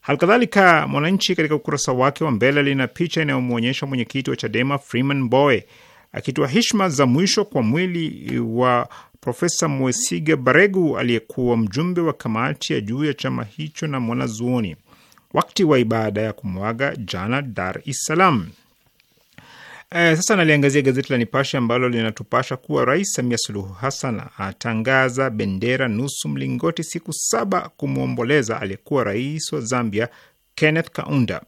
Halikadhalika, Mwananchi katika ukurasa wake wa mbele lina picha inayomwonyesha mwenyekiti wa Chadema Freeman Mbowe akitoa heshima za mwisho kwa mwili wa Profesa Mwesiga Baregu aliyekuwa mjumbe wa kamati ya juu ya chama hicho na mwanazuoni wakati wa ibada ya kumwaga jana Dar es Salaam. E, sasa naliangazia gazeti la Nipashe ambalo linatupasha kuwa Rais Samia Suluhu Hassan atangaza bendera nusu mlingoti siku saba kumwomboleza aliyekuwa rais wa Zambia Kenneth Kaunda.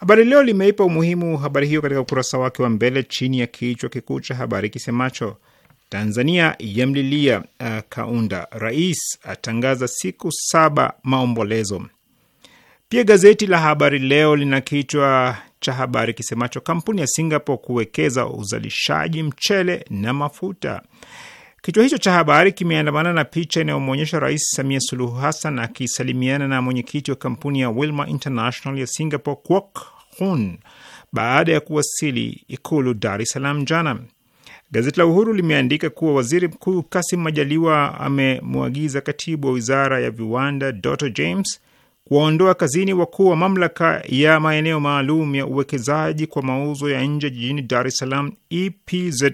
Habari Leo limeipa umuhimu habari hiyo katika ukurasa wake wa mbele chini ya kichwa kikuu cha habari kisemacho Tanzania yamlilia uh, Kaunda, rais atangaza siku saba maombolezo. Pia gazeti la Habari Leo lina kichwa cha habari kisemacho kampuni ya Singapore kuwekeza uzalishaji mchele na mafuta. Kichwa hicho cha habari kimeandamana na picha inayomwonyesha Rais Samia Suluhu Hassan akisalimiana na mwenyekiti wa kampuni ya Wilma International ya Singapore, Kwok Hun, baada ya kuwasili Ikulu Dar es Salaam jana. Gazeti la Uhuru limeandika kuwa Waziri Mkuu Kasim Majaliwa amemwagiza katibu wa wizara ya viwanda Dr James kuwaondoa kazini wakuu wa mamlaka ya maeneo maalum ya uwekezaji kwa mauzo ya nje jijini Dar es Salaam, EPZA.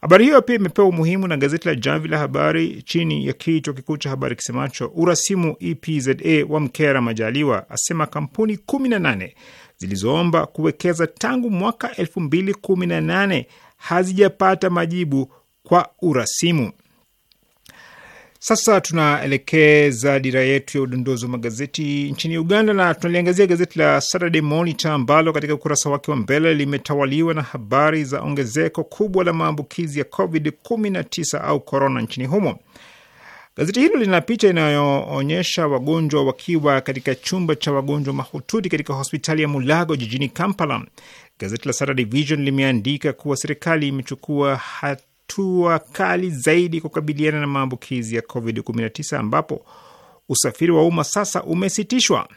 Habari hiyo pia imepewa umuhimu na gazeti la Jamvi la Habari chini ya kichwa kikuu cha habari kisemacho urasimu EPZA wa mkera Majaliwa, asema kampuni 18 zilizoomba kuwekeza tangu mwaka 2018 hazijapata majibu kwa urasimu. Sasa tunaelekeza dira yetu ya udondozi wa magazeti nchini Uganda na tunaliangazia gazeti la Saturday Monitor ambalo katika ukurasa wake wa mbele limetawaliwa na habari za ongezeko kubwa la maambukizi ya COVID-19 au korona nchini humo. Gazeti hilo lina picha inayoonyesha wagonjwa wakiwa katika chumba cha wagonjwa mahututi katika hospitali ya Mulago jijini Kampala. Gazeti la Saturday Vision limeandika kuwa serikali imechukua hat hatua kali zaidi kukabiliana na maambukizi ya COVID-19 ambapo usafiri wa umma sasa umesitishwa.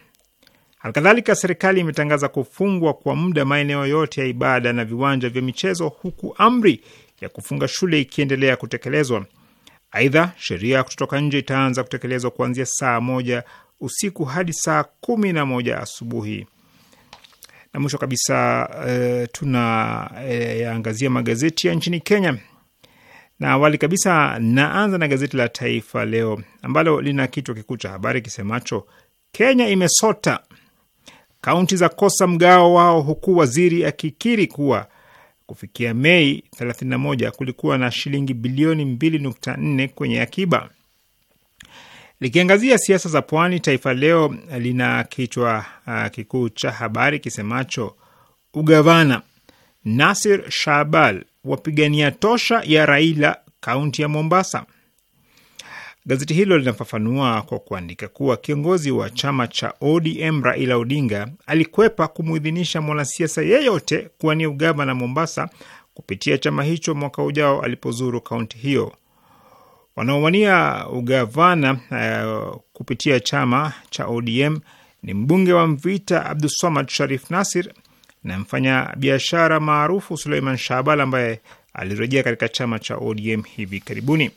Halikadhalika, serikali imetangaza kufungwa kwa muda maeneo yote ya ibada na viwanja vya michezo, huku amri ya kufunga shule ikiendelea kutekelezwa. Aidha, sheria ya kutotoka nje itaanza kutekelezwa kuanzia saa moja usiku hadi saa kumi na moja asubuhi. Na mwisho kabisa, e, eh, tunayaangazia eh, e, magazeti ya nchini Kenya. Na awali kabisa naanza na gazeti la Taifa Leo ambalo lina kichwa kikuu cha habari kisemacho Kenya imesota, kaunti za kosa mgao wao, huku waziri akikiri kuwa kufikia Mei 31 kulikuwa na shilingi bilioni 2.4 kwenye akiba. Likiangazia siasa za pwani, Taifa Leo lina kichwa uh, kikuu cha habari kisemacho ugavana, Nasir Shabal wapigania tosha ya Raila kaunti ya Mombasa. Gazeti hilo linafafanua kwa kuandika kuwa kiongozi wa chama cha ODM Raila Odinga alikwepa kumwidhinisha mwanasiasa yeyote kuwania ugavana Mombasa kupitia chama hicho mwaka ujao alipozuru kaunti hiyo. Wanaowania ugavana uh, kupitia chama cha ODM ni mbunge wa Mvita Abduswamad Sharif Nasir, na mfanya biashara maarufu Suleiman Shahbal ambaye alirejea katika chama cha ODM hivi karibuni.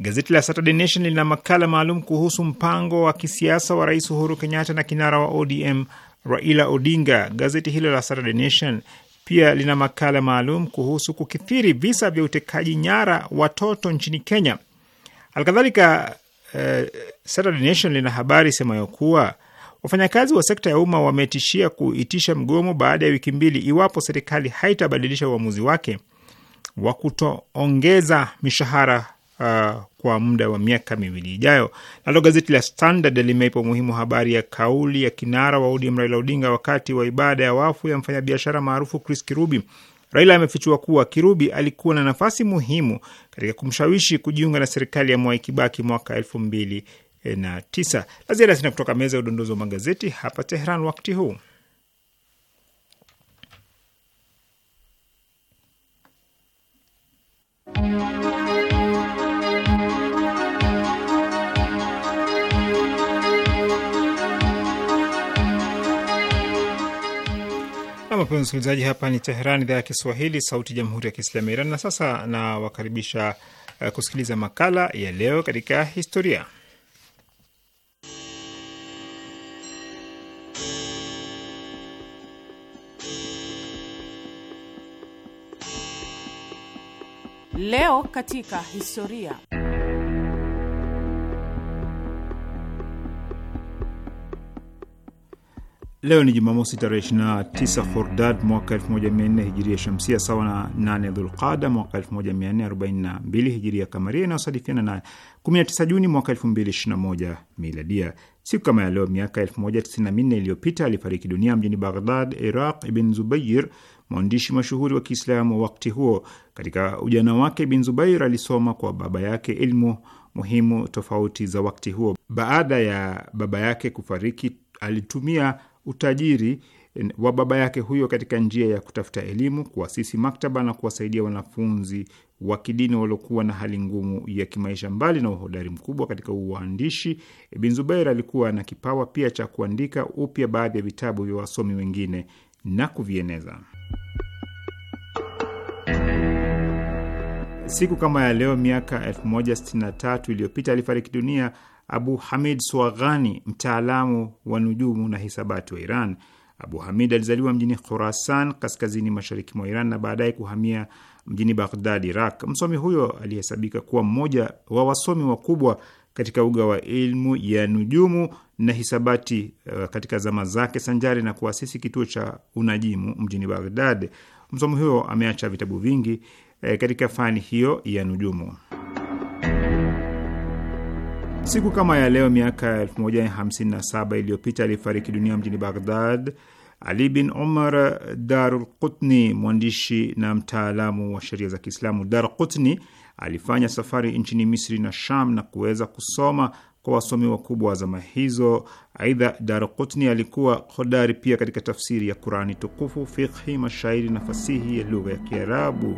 Gazeti la Saturday Nation lina makala maalum kuhusu mpango wa kisiasa wa Rais Uhuru Kenyatta na kinara wa ODM Raila Odinga. Gazeti hilo la Saturday Nation pia lina makala maalum kuhusu kukithiri visa vya utekaji nyara watoto nchini Kenya. Alkadhalika, uh, Saturday Nation lina habari semayo kuwa Wafanyakazi wa sekta ya umma wametishia kuitisha mgomo baada ya wiki mbili iwapo serikali haitabadilisha uamuzi wake wa kutoongeza mishahara uh, kwa muda wa miaka miwili ijayo. Nalo gazeti la Standard limeipa umuhimu habari ya kauli ya kinara wa ODM Raila Odinga wakati wa ibada ya wafu ya mfanyabiashara maarufu Chris Kirubi. Raila amefichua kuwa Kirubi alikuwa na nafasi muhimu katika kumshawishi kujiunga na serikali ya Mwai Kibaki mwaka elfu mbili na tisa. La ziada sina kutoka meza ya udondozi wa magazeti hapa Tehran wakati huu. Mpenzi msikilizaji, hapa ni Teheran, idhaa ya Kiswahili, sauti ya jamhuri ya kiislamu ya Iran. Na sasa nawakaribisha eh, kusikiliza makala ya leo katika historia Leo katika historia. Leo ni Jumamosi tarehe 29 Khordad mwaka 1400 hijiria shamsia sawa na 8 Dhulqada mwaka 1442 hijiria kamaria inayosadifiana na 19 Juni mwaka 2021 miladia. Siku kama ya leo miaka 1094 iliyopita alifariki dunia mjini Baghdad, Iraq, Ibn Zubayr, mwandishi mashuhuri wa Kiislamu wa wakati huo. Katika ujana wake, Bin Zubair alisoma kwa baba yake ilmu muhimu tofauti za wakati huo. Baada ya baba yake kufariki, alitumia utajiri wa baba yake huyo katika njia ya kutafuta elimu, kuasisi maktaba na kuwasaidia wanafunzi wa kidini waliokuwa na hali ngumu ya kimaisha. Mbali na uhodari mkubwa katika uandishi, Ibn Zubair alikuwa na kipawa pia cha kuandika upya baadhi ya vitabu vya wasomi wengine na kuvieneza. Siku kama ya leo miaka 1063 iliyopita alifariki dunia Abu Hamid Swaghani, mtaalamu wa nujumu na hisabati wa Iran. Abu Hamid alizaliwa mjini Khurasan, kaskazini mashariki mwa Iran, na baadaye kuhamia mjini Baghdad, Iraq. Msomi huyo alihesabika kuwa mmoja wa wasomi wakubwa katika uga wa ilmu ya nujumu na hisabati uh, katika zama zake, sanjari na kuasisi kituo cha unajimu mjini Baghdad. Msomi huyo ameacha vitabu vingi uh, katika fani hiyo ya nujumu. Siku kama ya leo miaka 1057 iliyopita alifariki dunia mjini Baghdad Ali bin Umar Darqutni, mwandishi na mtaalamu wa sheria za Kiislamu. qutni Alifanya safari nchini Misri na Sham na kuweza kusoma kwa wasomi wakubwa wa zama hizo. Aidha, Darqutni alikuwa hodari pia katika tafsiri ya Qurani tukufu, fikhi, mashairi na fasihi ya lugha ya Kiarabu.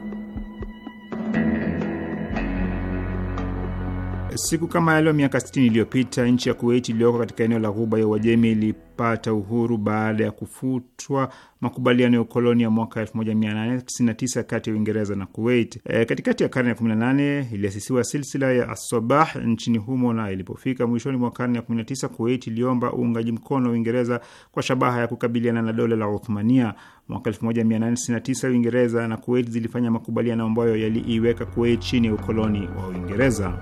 Siku kama yaleo miaka 60 iliyopita nchi ya Kuwait iliyoko katika eneo la Ghuba ya Uajemi ilipata uhuru baada ya kufutwa makubaliano ya ukoloni ya mwaka 1899 kati ya Uingereza na Kuwait. E, katikati ya karne ya 18 iliasisiwa silsila ya Asabah nchini humo, na ilipofika mwishoni mwa karne ya 19 Kuwait iliomba uungaji mkono Uingereza kwa shabaha ya kukabiliana na dola la Uthmania. Mwaka 1899 Uingereza na Kuwait zilifanya makubaliano ambayo yaliiweka Kuwait chini ya ukoloni wa Uingereza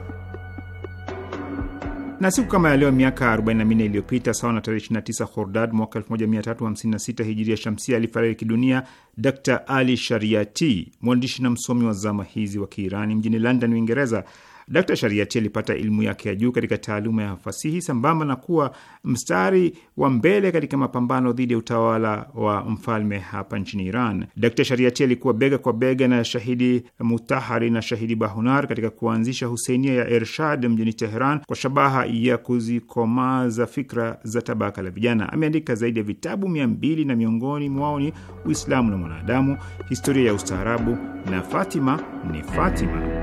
na siku kama ya leo miaka 44 iliyopita, sawa na tarehe 29 Khordad mwaka 1356 hijiria shamsia, alifariki dunia Dr Ali Shariati, mwandishi na msomi wa zama hizi wa Kiirani mjini London, Uingereza. Dkt. Shariati alipata elimu yake ya juu katika taaluma ya fasihi sambamba na kuwa mstari wa mbele katika mapambano dhidi ya utawala wa mfalme hapa nchini Iran. Dkt. Shariati alikuwa bega kwa bega na Shahidi Mutahari na Shahidi Bahunar katika kuanzisha Huseinia ya Ershad mjini Teheran kwa shabaha ya kuzikomaza fikra za tabaka la vijana. Ameandika zaidi ya vitabu mia mbili na miongoni mwao ni Uislamu na Mwanadamu, Historia ya Ustaarabu na Fatima ni Fatima.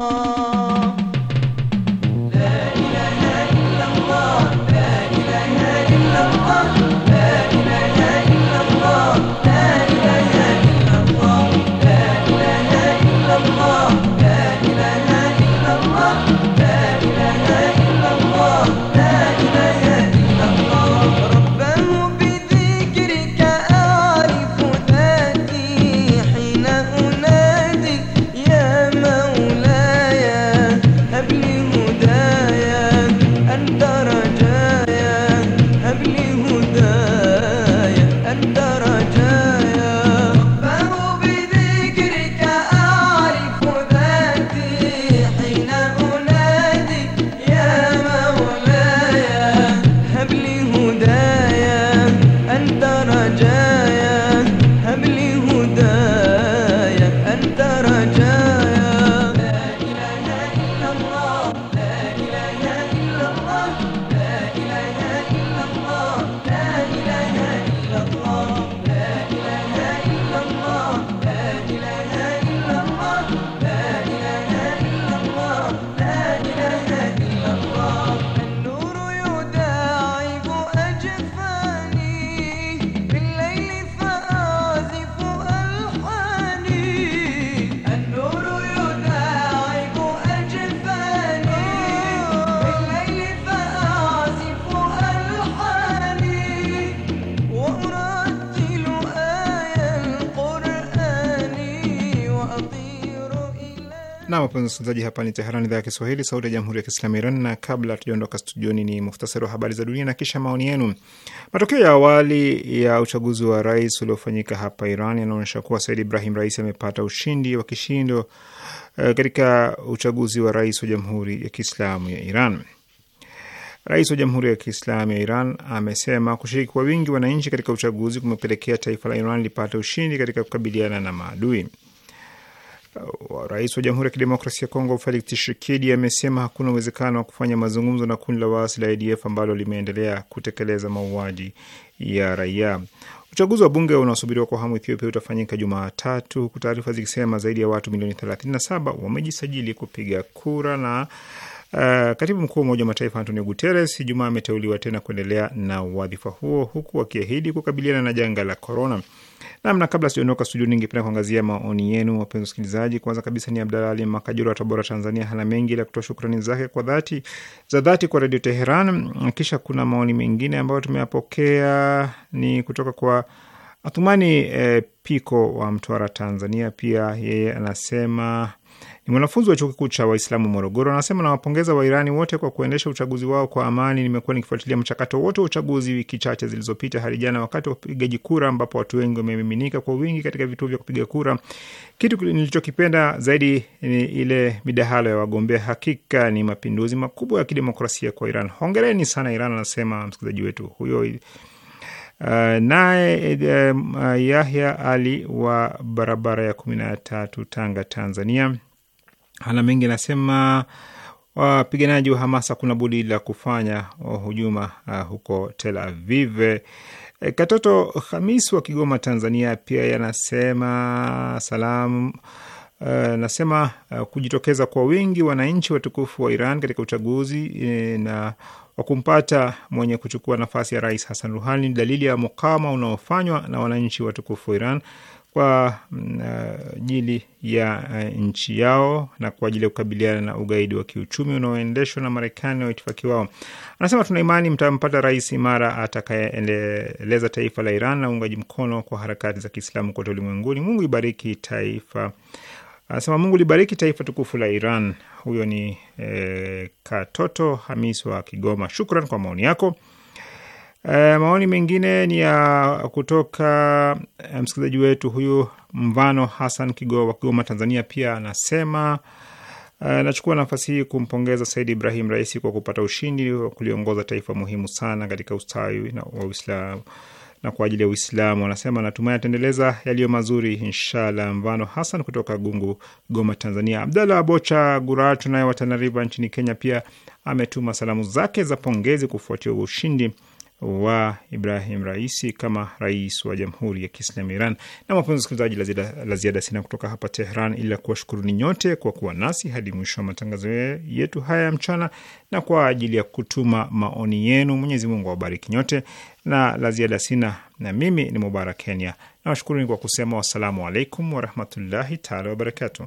啊。msikilizaji, hapa ni Teherani, idhaa ya Kiswahili, sauti ya jamhuri ya kiislamu Iran. Na kabla tujaondoka studioni, ni muhtasari wa habari za dunia na kisha maoni yenu. Matokeo ya awali ya uchaguzi wa rais uliofanyika hapa Iran yanaonyesha kuwa Said Ibrahim Raisi amepata ushindi wa kishindo eh, katika uchaguzi wa rais wa jamhuri ya kiislamu ya Iran. Rais wa Jamhuri ya Kiislamu ya Iran amesema kushiriki kwa wingi wananchi katika uchaguzi kumepelekea taifa la Iran lipate ushindi katika kukabiliana na maadui. Rais wa Jamhuri ya Kidemokrasia ya Kongo Felix Tshisekedi amesema hakuna uwezekano wa kufanya mazungumzo na kundi la waasi la ADF ambalo limeendelea kutekeleza mauaji ya raia. Uchaguzi wa bunge unaosubiriwa kwa hamu Ethiopia utafanyika Jumatatu, huku taarifa zikisema zaidi ya watu milioni 37 wamejisajili kupiga kura. Na uh, katibu mkuu wa Umoja wa Mataifa Antonio Guterres jumaa ameteuliwa tena kuendelea na wadhifa huo, huku akiahidi kukabiliana na janga la korona. Namna kabla sijaondoka studio, ningependa kuangazia maoni yenu, wapenzi wasikilizaji. Kwanza kabisa ni Abdala Ali Makajura wa Tabora, Tanzania. Hana mengi ila kutoa shukrani zake kwa dhati za dhati kwa Redio Teheran. Kisha kuna maoni mengine ambayo tumeyapokea ni kutoka kwa Athumani eh, Piko wa Mtwara, Tanzania. Pia yeye anasema ni mwanafunzi wa chuo kikuu cha Waislamu Morogoro, anasema nawapongeza Wairani wote kwa kuendesha uchaguzi wao kwa amani. Nimekuwa nikifuatilia mchakato wote wa uchaguzi wiki chache zilizopita hadi jana wakati wa upigaji kura, ambapo watu wengi wamemiminika kwa wingi katika vituo vya kupiga kura. Kitu nilichokipenda zaidi ni ile midahalo ya wagombea. Hakika ni mapinduzi makubwa ya kidemokrasia kwa Iran. Hongereni sana Iran, anasema msikilizaji wetu huyo. Uh, naye uh, Yahya Ali wa barabara ya kumi na tatu Tanga, Tanzania Hana Mengi anasema wapiganaji wa Hamas hakuna budi la kufanya oh, hujuma uh, huko Tel Aviv. E, Katoto Hamis wa Kigoma, Tanzania pia yanasema salamu Uh, eh, nasema uh, eh, kujitokeza kwa wingi wananchi watukufu wa Iran katika uchaguzi e, na wa kumpata mwenye kuchukua nafasi ya Rais Hassan Ruhani ni dalili ya mukama unaofanywa na wananchi watukufu wa Iran kwa mm, eh, ajili ya eh, nchi yao na kwa ajili ya kukabiliana na ugaidi wa kiuchumi unaoendeshwa na Marekani na waitifaki wao. Anasema, tuna imani mtampata rais imara atakayeendeleza taifa la Iran na uungaji mkono kwa harakati za Kiislamu kote ulimwenguni. Mungu ibariki taifa. Anasema, Mungu libariki taifa tukufu la Iran. Huyo ni eh, Katoto Hamis wa Kigoma. Shukran kwa maoni yako. E, maoni mengine ni ya kutoka eh, msikilizaji wetu huyu Mvano Hassan Kigoma, Kigoma, Tanzania. Pia anasema e, nachukua nafasi hii kumpongeza Said Ibrahim Raisi kwa kupata ushindi wa kuliongoza taifa muhimu sana katika ustawi wa Uislamu na kwa ajili ya Uislamu. Anasema natumai ataendeleza yaliyo mazuri inshallah. Mvano Hassan kutoka Gungu, Goma, Tanzania. Abdalla Abocha Guratu naye wa Tana River nchini Kenya pia ametuma salamu zake za pongezi kufuatia ushindi wa Ibrahim Raisi kama rais wa Jamhuri ya Kiislamu Iran. Na mapenzi msikilizaji, la ziada sina kutoka hapa Tehran, ila kuwashukuruni nyote kwa kuwa nasi hadi mwisho wa matangazo yetu haya ya mchana na kwa ajili ya kutuma maoni yenu. Mwenyezi Mungu awabariki nyote, na la ziada sina, na mimi ni Mubarak Kenya nawashukuruni kwa kusema wassalamu alaikum warahmatullahi taala wabarakatuh.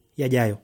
yajayo.